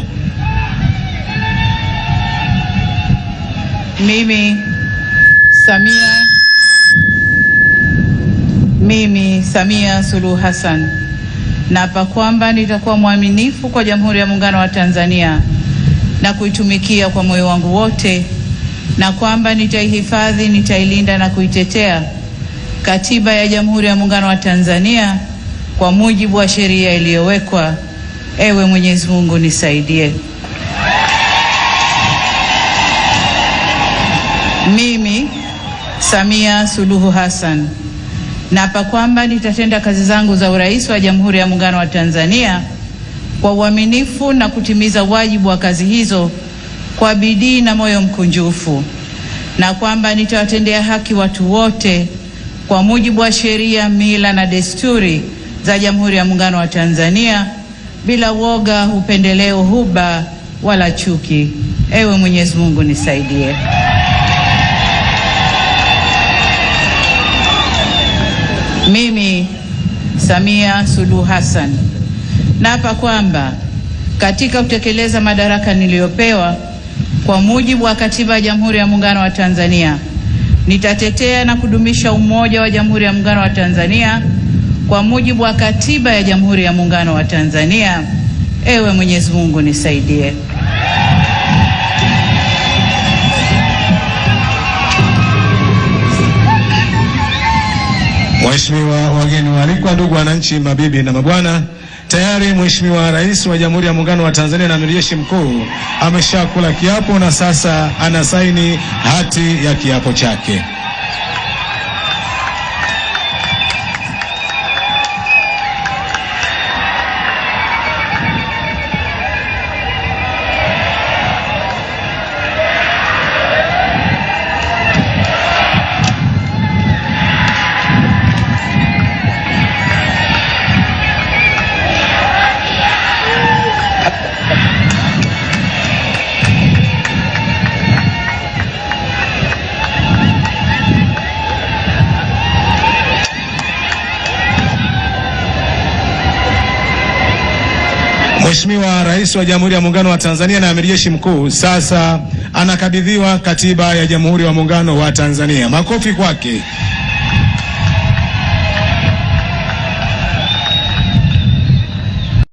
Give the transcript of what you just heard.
hapo. Mimi Samia, mimi Samia Suluhu Hassan naapa kwamba nitakuwa mwaminifu kwa Jamhuri ya Muungano wa Tanzania na kuitumikia kwa moyo wangu wote, na kwamba nitaihifadhi, nitailinda na kuitetea Katiba ya Jamhuri ya Muungano wa Tanzania kwa mujibu wa sheria iliyowekwa Ewe Mwenyezi Mungu nisaidie mimi Samia Suluhu Hassan naapa kwamba nitatenda kazi zangu za urais wa Jamhuri ya Muungano wa Tanzania kwa uaminifu na kutimiza wajibu wa kazi hizo kwa bidii na moyo mkunjufu, na kwamba nitawatendea haki watu wote kwa mujibu wa sheria, mila na desturi za Jamhuri ya Muungano wa Tanzania bila woga, upendeleo, huba wala chuki. Ewe Mwenyezi Mungu nisaidie. Mimi Samia Suluhu Hassan naapa kwamba katika kutekeleza madaraka niliyopewa kwa mujibu wa Katiba ya Jamhuri ya Muungano wa Tanzania nitatetea na kudumisha umoja wa Jamhuri ya Muungano wa Tanzania kwa mujibu wa katiba ya Jamhuri ya Muungano wa Tanzania, ewe Mwenyezi Mungu nisaidie. Waheshimiwa wageni waalikwa, ndugu wananchi, mabibi na mabwana, tayari Mheshimiwa Rais wa Jamhuri ya Muungano wa Tanzania na Amiri Jeshi Mkuu ameshakula kiapo na sasa anasaini hati ya kiapo chake. Mheshimiwa Rais wa Jamhuri ya Muungano wa Tanzania na Amiri Jeshi Mkuu sasa anakabidhiwa katiba ya Jamhuri ya Muungano wa Tanzania. Makofi kwake.